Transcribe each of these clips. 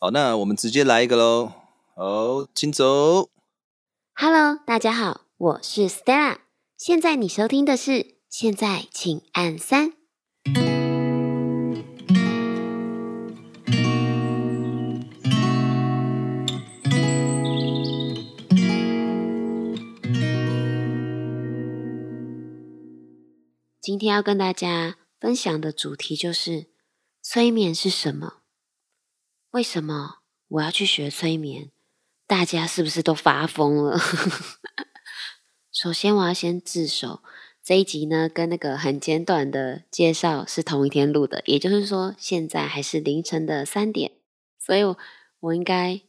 好，那我們直接來一個嘍。好，請走。Hello，大家好，我是 Stella。現在你收聽的是，現在請按三。今天要跟大家分享的主題就是，催眠是什麼？為什麼我要去學催眠？大家是不是都發瘋了？ 首先，我要先自首。這一集呢，跟那個很簡短的介紹是同一天錄的，也就是說，現在還是凌晨的三點，所以我我應該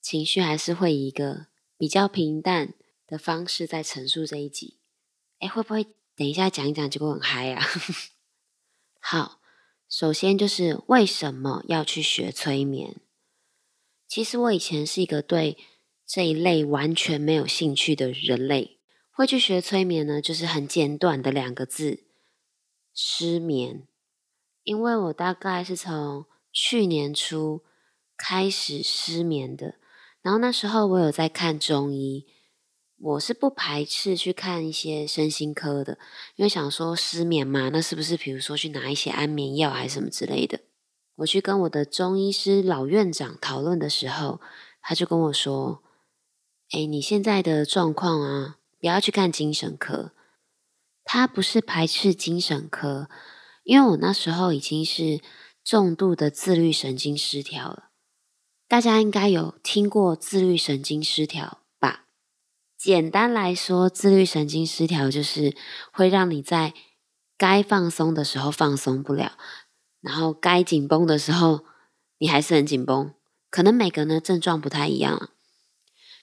情緒還是會以一個比較平淡的方式在陳述這一集。哎，會不會等一下講一講就會很嗨呀，啊？ 好。首先就是為什麼要去學催眠？其實我以前是一個對這一類完全沒有興趣的人類，會去學催眠呢，就是很簡短的兩個字：失眠。因為我大概是從去年初開始失眠的，然後那時候我有在看中醫。我是不排斥去看一些身心科的，因為想說失眠嘛，那是不是比如說去拿一些安眠藥還是什麼之類的？我去跟我的中醫師老院長討論的時候，他就跟我說：“欸，你現在的狀況啊，不要去看精神科。他不是排斥精神科，因為我那時候已經是重度的自律神經失調了。大家應該有聽過自律神經失調。”簡單來說，自律神經失調就是會讓你在該放鬆的時候放鬆不了，然後該緊繃的時候你還是很緊繃。可能每個人症狀不太一樣啊，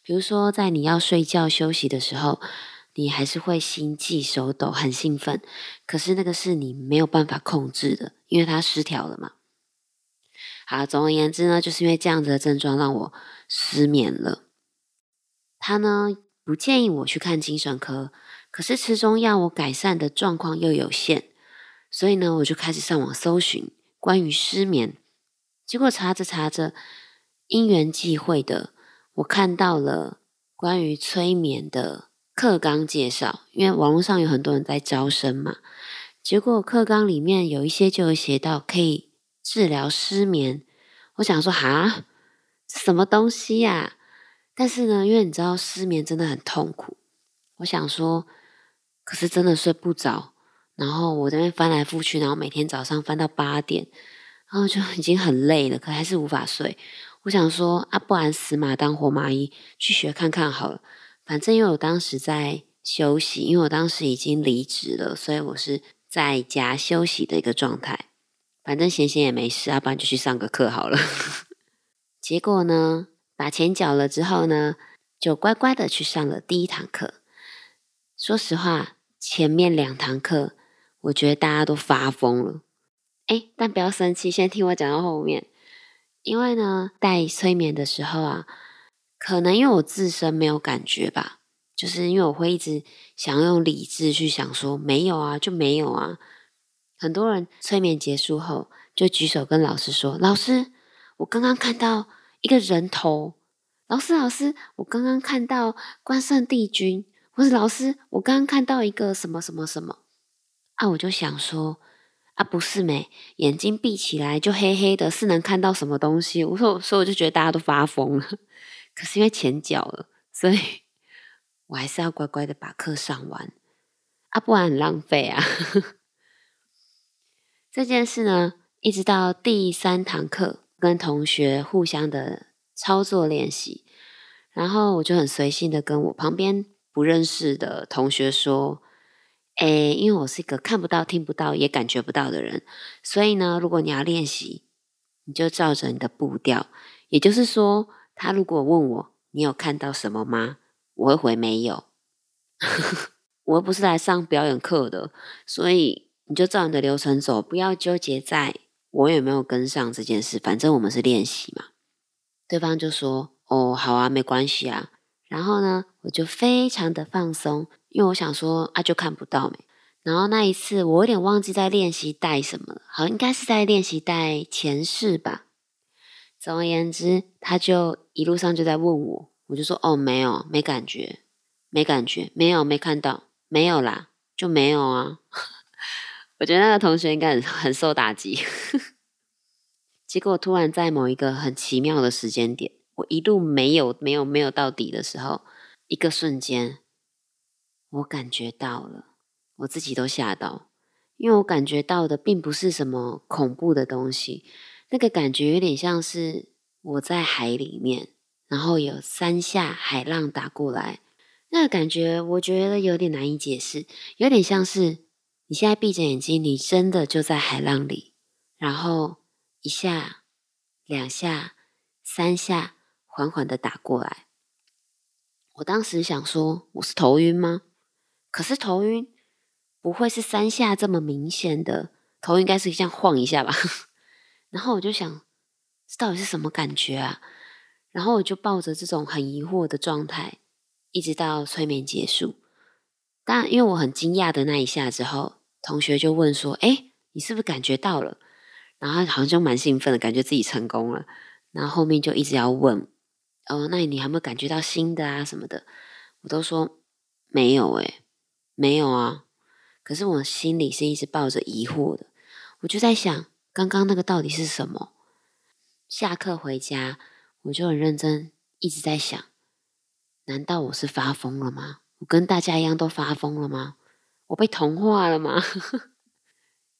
比如說在你要睡覺休息的時候，你還是會心悸、手抖、很興奮，可是那個是你沒有辦法控制的，因為它失調了嘛。好，總而言之呢，就是因為這樣子的症狀讓我失眠了。它呢，不建議我去看精神科，可是吃中藥我改善的狀況又有限，所以呢，我就開始上網搜尋關於失眠。結果查着查着，因緣際會的，我看到了關於催眠的課綱介紹，因為網絡上有很多人在招生嘛。結果課綱裡面有一些就寫到可以治療失眠，我想說，蛤，是什麼東西呀？啊？但是呢，因為你知道失眠真的很痛苦，我想說，可是真的睡不着，然後我這邊翻來覆去，然後每天早上翻到八點，然後就已經很累了，可還是無法睡。我想說啊，不然死馬當活馬醫，去學看看好了。反正因為我當時在休息，因為我當時已經離職了，所以我是在家休息的一個狀態。反正閒閒也沒事啊，不然就去上個課好了。 結果呢？把錢繳了之後呢，就乖乖的去上了第一堂課。說實話，前面兩堂課，我覺得大家都發瘋了。哎，但不要生氣，先聽我講到後面。因為呢，在催眠的時候啊，可能因為我自身沒有感覺吧，就是因為我會一直想用理智去想說，沒有啊，就沒有啊。很多人催眠結束後，就舉手跟老師說：“老師，我剛剛看到。”一個人頭，老師，老師，我剛剛看到關聖帝君，或者老師，我剛剛看到一個什麼什麼什麼啊，我就想說，啊，不是咩，眼睛閉起來就黑黑的，是能看到什麼東西？我說，我說，我就覺得大家都發瘋了，可是因為錢繳了，所以我還是要乖乖的把課上完，啊，不然很浪費啊。這件事呢，一直到第三堂課。跟同學互相的操作練習，然後我就很隨性的跟我旁邊不認識的同學說：“誒，因為我是一個看不到、聽不到、也感覺不到的人，所以呢，如果你要練習，你就照着你的步調。也就是說，他如果問我你有看到什麼嗎？我會回沒有， 我又不是來上表演課的，所以你就照你的流程走，不要糾結在。”我也沒有跟上這件事，反正我們是練習嘛。對方就說：“哦，好啊，沒關係啊。”然後呢，我就非常的放鬆，因為我想說啊，就看不到沒。然後那一次，我有點忘記在練習帶什麼了，好像應該是在練習帶前世吧。總而言之，他就一路上就在問我，我就說：“哦，沒有，沒感覺，沒感覺，沒有，沒看到，沒有啦，就沒有啊。”我覺得那個同學應該很很受打擊。 結果突然在某一個很奇妙的時間點，我一路沒有沒有沒有到底的時候，一個瞬間，我感覺到了，我自己都嚇到，因為我感覺到的並不是什麼恐怖的東西，那個感覺有點像是我在海裡面，然後有三下海浪打過來，那個感覺我覺得有點難以解釋，有點像是。你現在閉着眼睛，你真的就在海浪裡，然後一下、兩下、三下，緩緩地打過來。我當時想說，我是頭暈嗎？可是頭暈不會是三下這麼明顯的，頭應該是這樣晃一下吧。然後我就想，這到底是什麼感覺啊？然後我就抱着這種很疑惑的狀態，一直到催眠結束。但因為我很驚訝的那一下之後。同學就問說：“哎，你是不是感覺到了？”然後好像就蠻興奮的，感覺自己成功了。然後後面就一直要問：“哦，那你還沒有感覺到新的啊什麼的？”我都說：“沒有誒、欸，沒有啊。”可是我心裡是一直抱着疑惑的。我就在想，剛剛那個到底是什麼？下課回家，我就很認真，一直在想：難道我是發瘋了嗎？我跟大家一樣都發瘋了嗎？我被同化了嗎？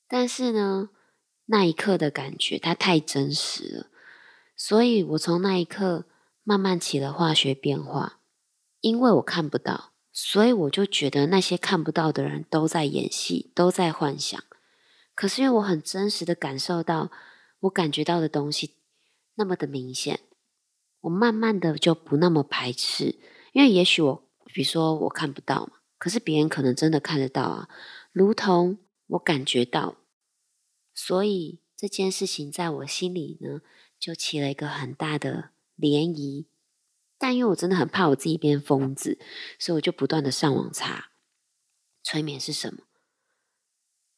但是呢，那一刻的感覺它太真實了，所以我從那一刻慢慢起了化學變化。因為我看不到，所以我就覺得那些看不到的人都在演戲，都在幻想。可是因為我很真實的感受到，我感覺到的東西那麼的明顯，我慢慢的就不那麼排斥。因為也許我，比如說我看不到嘛。可是別人可能真的看得到啊，如同我感覺到，所以這件事情在我心裡呢就起了一個很大的漣漪。但因為我真的很怕我自己變瘋子，所以我就不斷的上網查，催眠是什麼？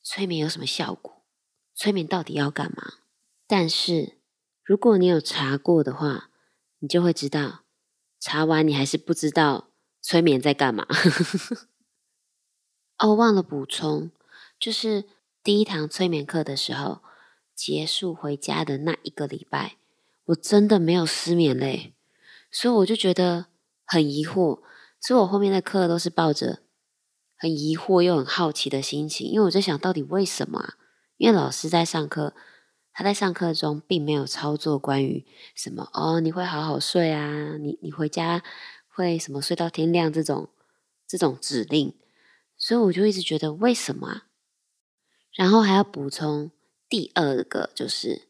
催眠有什麼效果？催眠到底要幹嘛？但是如果你有查過的話，你就會知道，查完你還是不知道催眠在幹嘛。 哦，啊，忘了補充，就是第一堂催眠課的時候結束回家的那一個禮拜，我真的沒有失眠嘞，所以我就覺得很疑惑，所以我後面的課都是抱着很疑惑又很好奇的心情，因為我在想到底為什麼啊？因為老師在上課，他在上課中並沒有操作關於什麼哦，你會好好睡啊，你你回家會什麼睡到天亮這種這種指令。所以我就一直覺得為什麼啊？然後還要補充第二個，就是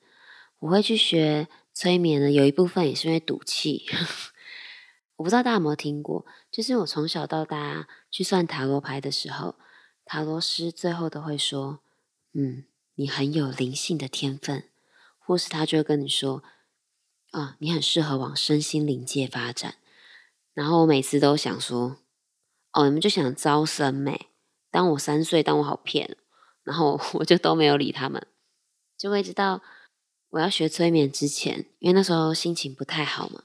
我會去學催眠的，有一部分也是因為賭氣。 我不知道大家有沒有聽過，就是我從小到大去算塔羅牌的時候，塔羅師最後都會說：“嗯，你很有靈性的天分。”或是他就會跟你說：“啊，你很適合往身心靈界發展。”然後我每次都想說。哦，你們就想招生唄，欸？當我三歲，當我好騙，然後我就都沒有理他們，就會直到我要學催眠之前，因為那時候心情不太好嘛，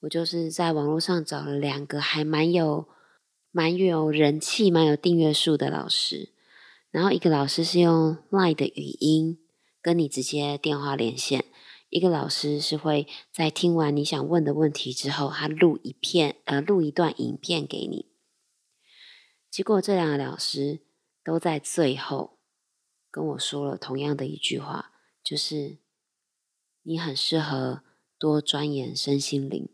我就是在網絡上找了兩個還蠻有、蠻有人氣、蠻有訂閱數的老師，然後一個老師是用 Line 的語音跟你直接電話連線，一個老師是會在聽完你想問的問題之後，他錄一片呃錄一段影片給你。結果這兩個老師都在最後跟我說了同樣的一句話，就是你很適合多鑽研身心靈。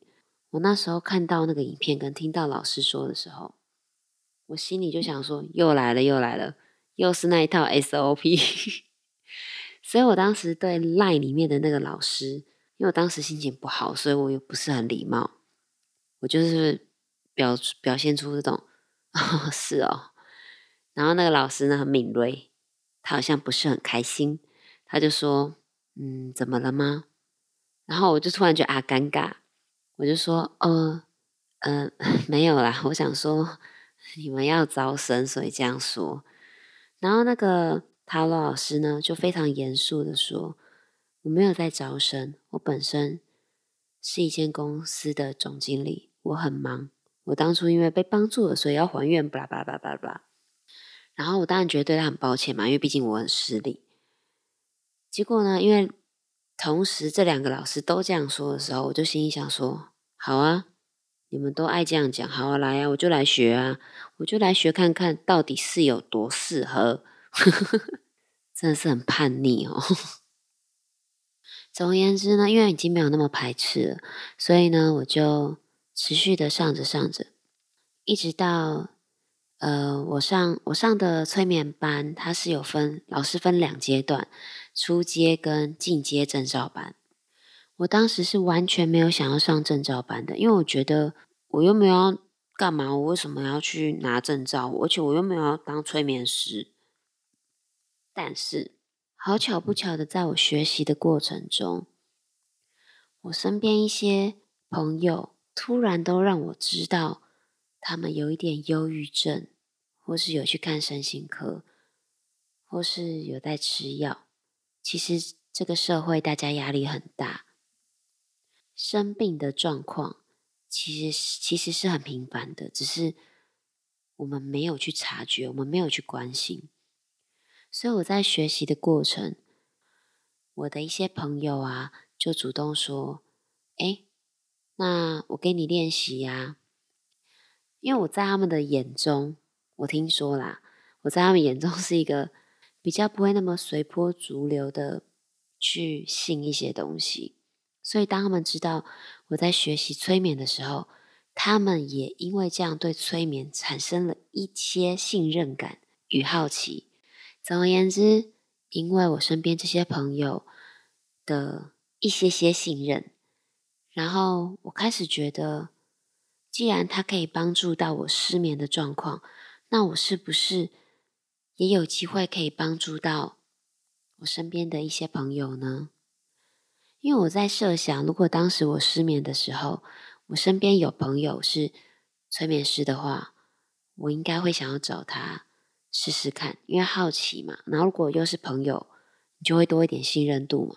我那時候看到那個影片跟聽到老師說的時候，我心裡就想說：又來了，又來了，又是那一套 SOP。 所以我當時對 Line 裡面的那個老師，因為我當時心情不好，所以我又不是很禮貌，我就是表表現出這種。哦，是哦，然後那個老師呢很敏銳，他好像不是很開心，他就說：“嗯，怎麼了嗎？”然後我就突然覺得啊尷尬，我就說：“哦、呃，嗯，沒有啦。”我想說你們要招生所以這樣說。然後那個陶老師呢就非常嚴肅的說：“我沒有在招生，我本身是一間公司的總經理，我很忙。”我當初因為被幫助了，所以要還願，巴拉巴拉巴拉巴拉。然後我當然覺得對他很抱歉嘛，因為畢竟我很失禮。結果呢，因為同時這兩個老師都這樣說的時候，我就心裡想說：好啊，你們都愛這樣講，好啊，來啊，我就來學啊，我就來學看看到底是有多適合， 真的是很叛逆哦。 總而言之呢，因為已經沒有那麼排斥了，所以呢，我就。持續的上着上着，一直到，呃，我上我上的催眠班，它是有分，老師分兩階段，初階跟進階證照班。我當時是完全沒有想要上證照班的，因為我覺得我又沒有要幹嘛，我為什麼要去拿證照？而且我又沒有要當催眠師。但是，好巧不巧的，在我學習的過程中，我身邊一些朋友。突然都讓我知道，他們有一點憂鬱症，或是有去看身心科，或是有在吃藥。其實這個社會大家壓力很大，生病的狀況其實其實是很平凡的，只是我們沒有去察覺，我們沒有去關心。所以我在學習的過程，我的一些朋友啊，就主動說：“哎。”那我給你練習呀、啊，因為我在他們的眼中，我聽說啦，我在他們眼中是一個比較不會那麼隨波逐流的去信一些東西，所以當他們知道我在學習催眠的時候，他們也因為這樣對催眠產生了一些信任感與好奇。總而言之，因為我身邊這些朋友的一些些信任。然後我開始覺得，既然他可以幫助到我失眠的狀況，那我是不是也有機會可以幫助到我身邊的一些朋友呢？因為我在設想，如果當時我失眠的時候，我身邊有朋友是催眠師的話，我應該會想要找他試試看，因為好奇嘛。然後如果又是朋友，你就會多一點信任度嘛，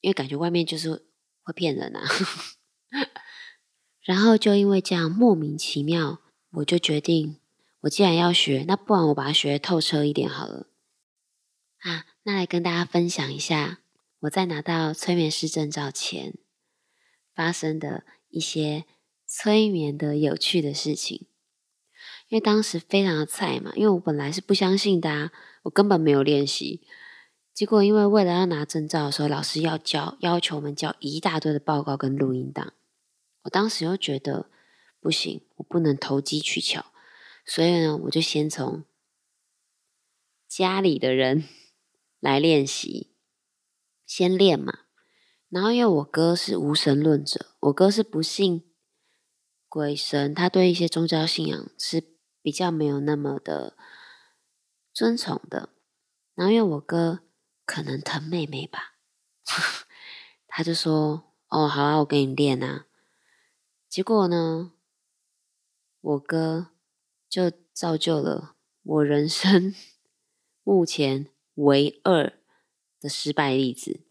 因為感覺外面就是。會騙人吶、啊， 然後就因為這樣莫名其妙，我就決定，我既然要學，那不然我把它學透徹一點好了啊。那來跟大家分享一下我在拿到催眠師證照前發生的一些催眠的有趣的事情，因為當時非常的菜嘛，因為我本來是不相信的、啊，我根本沒有練習。結果，因為為了要拿證照的時候，老師要交，要求我們交一大堆的報告跟錄音檔，我當時又覺得不行，我不能投機取巧，所以呢，我就先從家裡的人來練習，先練嘛。然後，因為我哥是無神論者，我哥是不信鬼神，他對一些宗教信仰是比較沒有那麼的尊崇的。然後，因為我哥。可能疼妹妹吧， 他就說：“哦，好啊，我給你練啊。”結果呢，我哥就造就了我人生目前唯二的失敗例子。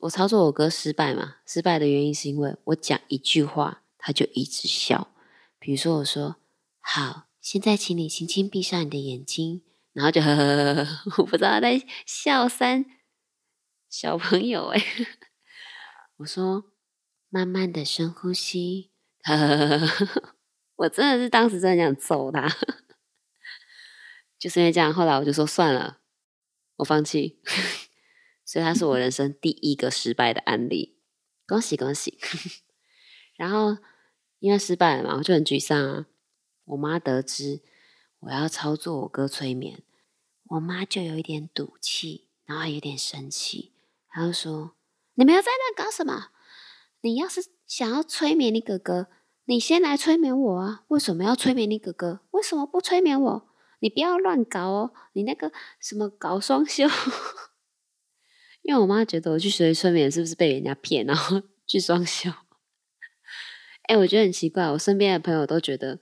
我操作我哥失敗嘛？失敗的原因是因為我講一句話，他就一直笑。比如說我說：“好，現在請你輕輕閉上你的眼睛。”然後就呵呵呵呵，我不知道在笑三小朋友誒，我說，慢慢的深呼吸，呵呵呵呵呵呵，我真的是當時真的想揍他，就是因為這樣，後來我就說算了，我放棄，所以他是我人生第一個失敗的案例，恭喜恭喜。然後因為失敗了嘛，我就很沮喪啊，我媽得知。我要操作我哥催眠，我媽就有一點賭氣，然後有點生氣，她就說：“你們要在那搞什麼？你要是想要催眠你哥哥，你先來催眠我啊！為什麼要催眠你哥哥？為什麼不催眠我？你不要亂搞哦！你那個什麼搞雙修， 因為我媽覺得我去學催眠是不是被人家騙，然後去雙修？哎、 欸，我覺得很奇怪，我身邊的朋友都覺得。”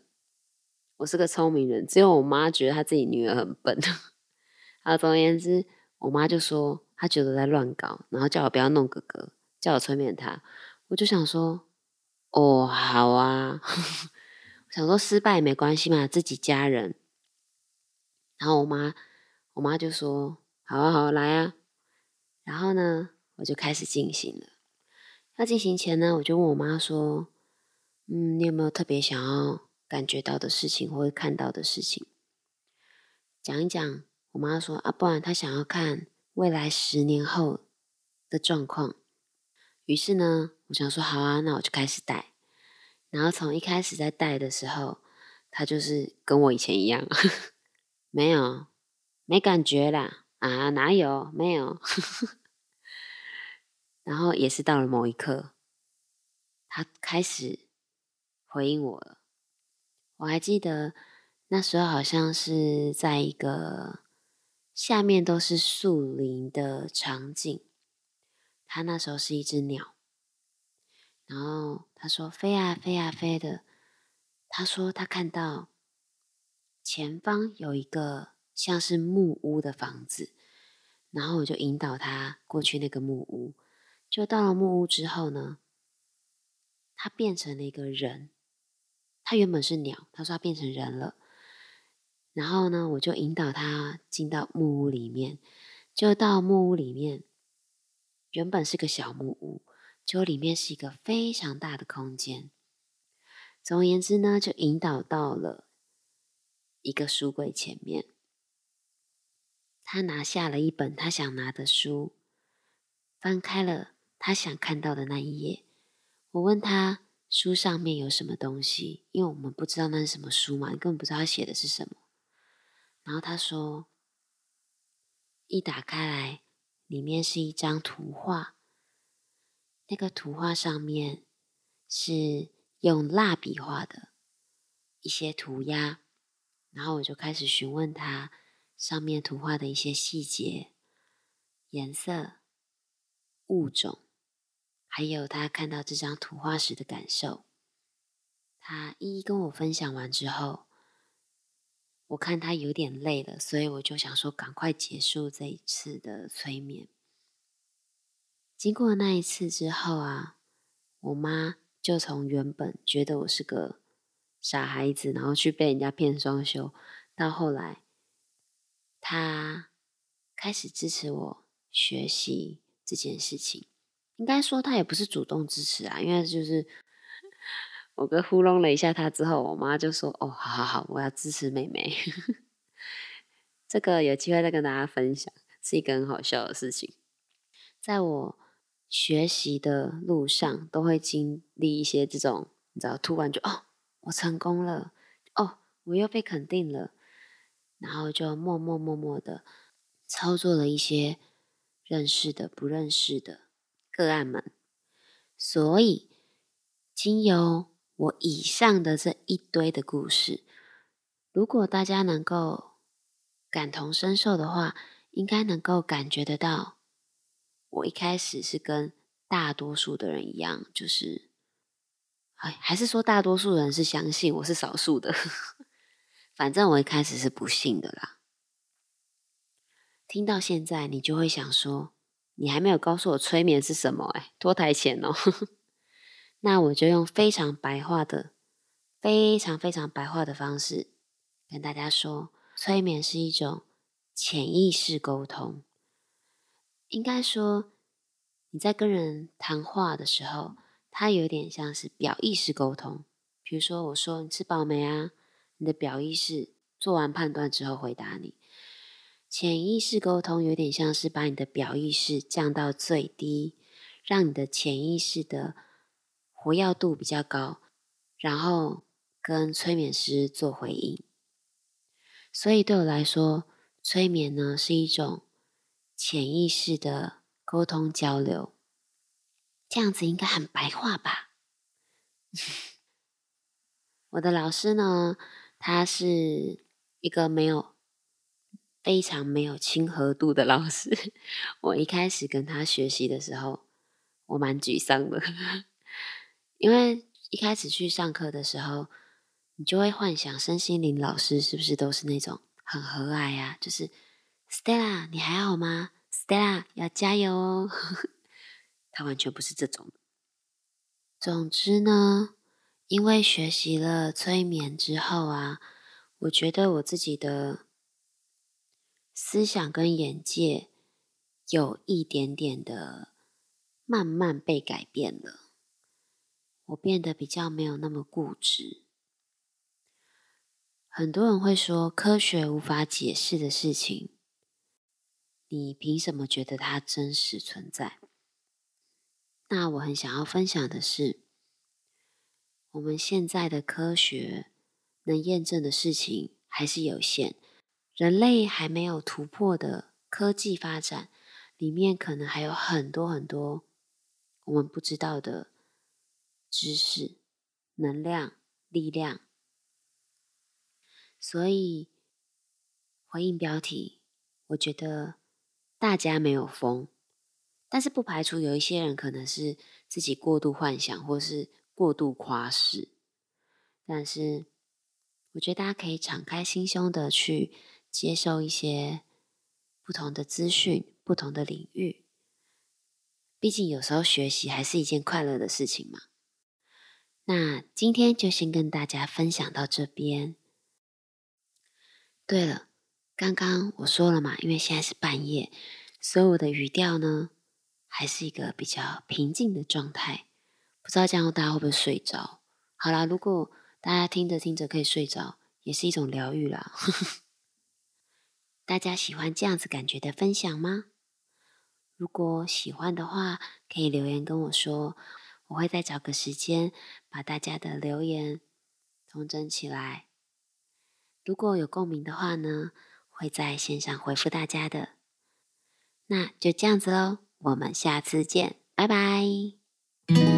我是個聰明人，只有我媽覺得她自己女兒很笨。啊， 總而言之，我媽就說她覺得在亂搞，然後叫我不要弄哥哥，叫我催眠她。我就想說，哦，好啊， 我想說失敗沒關係嘛，自己家人。然後我媽，我媽就說，好啊，好啊，來啊。然後呢，我就開始進行了。那進行前呢，我就問我媽說，嗯，你有沒有特別想要？感覺到的事情或看到的事情，講一講。我媽說：“啊，不然她想要看未來十年後的狀況。”於是呢，我想說：“好啊，那我就開始帶。”然後從一開始在帶的時候，她就是跟我以前一樣， 沒有，沒感覺啦。啊，哪有？沒有。 然後也是到了某一刻，她開始回應我了。我還記得那時候，好像是在一個下面都是樹林的場景。他那時候是一隻鳥，然後他說飛呀飛呀飛的。他說他看到前方有一個像是木屋的房子，然後我就引導他過去那個木屋。就到了木屋之後呢，他變成了一個人。他原本是鳥，他說他變成人了。然後呢，我就引導他進到木屋裡面，就到木屋裡面，原本是個小木屋，結果裡面是一個非常大的空間。總而言之呢，就引導到了一個書櫃前面。他拿下了一本他想拿的書，翻開了他想看到的那一頁。我問他。書上面有什麼東西？因為我們不知道那是什麼書嘛，你根本不知道他寫的是什麼。然後他說，一打開來，裡面是一張圖畫，那個圖畫上面是用蠟筆畫的，一些塗鴉。然後我就開始詢問他上面圖畫的一些細節、顏色、物種。還有他看到這張圖畫時的感受，他一一跟我分享完之後，我看他有點累了，所以我就想說趕快結束這一次的催眠。經過那一次之後啊，我媽就從原本覺得我是個傻孩子，然後去被人家騙雙休，到後來，她開始支持我學習這件事情。應該說，他也不是主動支持啊，因為就是我哥糊弄了一下他之後，我媽就說：“哦，好好好，我要支持妹妹。 ”這個有機會再跟大家分享，是一個很好笑的事情。在我學習的路上，都會經歷一些這種，你知道，突然就哦，我成功了，哦，我又被肯定了，然後就默默默默的操作了一些認識的、不認識的。個案們，所以，經由我以上的這一堆的故事，如果大家能夠感同身受的話，應該能夠感覺得到，我一開始是跟大多數的人一樣，就是，哎，還是說大多數人是相信，我是少數的， 反正我一開始是不信的啦。聽到現在，你就會想說，你還沒有告訴我催眠是什麼誒、哎，拖台錢哦， 那我就用非常白話的、非常非常白話的方式跟大家說，催眠是一種潛意識溝通。應該說，你在跟人談話的時候，它有點像是表意識溝通。比如說，我說，你吃飽沒啊？你的表意識做完判斷之後回答你。潛意識溝通有點像是把你的表意識降到最低，讓你的潛意識的活躍度比較高，然後跟催眠師做回應。所以對我來說，催眠呢是一種潛意識的溝通交流。這樣子應該很白話吧？ 我的老師呢，他是一個沒有。非常沒有親和度的老師，我一開始跟他學習的時候，我蠻沮喪的，因為一開始去上課的時候，你就會幻想身心靈老師是不是都是那種很和藹啊，就是 Stella 你還好嗎？Stella 要加油哦。 他完全不是這種。總之呢，因為學習了催眠之後啊，我覺得我自己的。思想跟眼界有一點點的慢慢被改變了，我變得比較沒有那麼固執。很多人會說，科學無法解釋的事情，你憑什麼覺得它真實存在？那我很想要分享的是，我們現在的科學能驗證的事情還是有限。人類還沒有突破的科技發展，裡面可能還有很多很多我們不知道的知識、能量、力量。所以回應標題，我覺得大家沒有瘋，但是不排除有一些人可能是自己過度幻想或是過度誇飾。但是我覺得大家可以敞開心胸的去。接收一些不同的資訊，不同的領域。畢竟有時候學習還是一件快樂的事情嘛。那今天就先跟大家分享到這邊。對了，剛剛我說了嘛，因為現在是半夜，所以我的語調呢還是一個比較平靜的狀態。不知道這樣大家會不會睡着？好啦，如果大家聽着聽着可以睡着，也是一種療癒啦。 大家喜歡這樣子感覺的分享嗎？如果喜歡的話，可以留言跟我說，我會再找個時間把大家的留言統整起來。如果有共鳴的話呢，會在線上回復大家的。那就這樣子嘍，我們下次見，拜拜。嗯